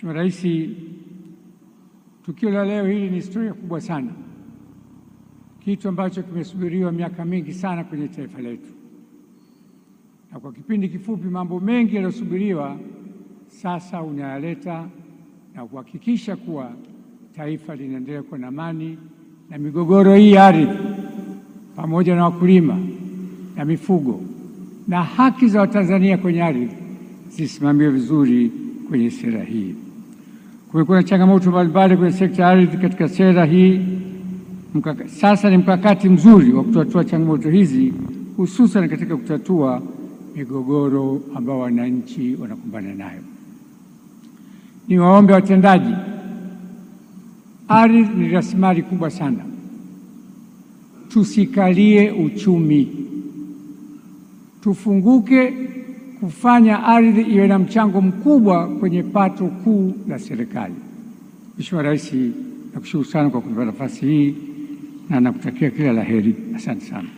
Mheshimiwa Rais, tukio la leo hili ni historia kubwa sana, kitu ambacho kimesubiriwa miaka mingi sana kwenye taifa letu, na kwa kipindi kifupi mambo mengi yaliyosubiriwa sasa unayaleta na kuhakikisha kuwa taifa linaendelea kuwa na amani, na migogoro hii ya ardhi pamoja na wakulima na mifugo na haki za Watanzania kwenye ardhi zisimamiwe vizuri kwenye sera hii. Kumekuwa na changamoto mbalimbali kwenye sekta ya ardhi katika sera hii mkaka. Sasa ni mkakati mzuri wa kutatua changamoto hizi hususan katika kutatua migogoro ambao wananchi wanakumbana nayo. Ni waombe watendaji, ardhi ni rasilimali kubwa sana, tusikalie uchumi, tufunguke kufanya ardhi iwe na mchango mkubwa kwenye pato kuu la serikali. Mheshimiwa Rais, nakushukuru sana kwa kunipa nafasi hii na nakutakia kila la heri. Asante sana.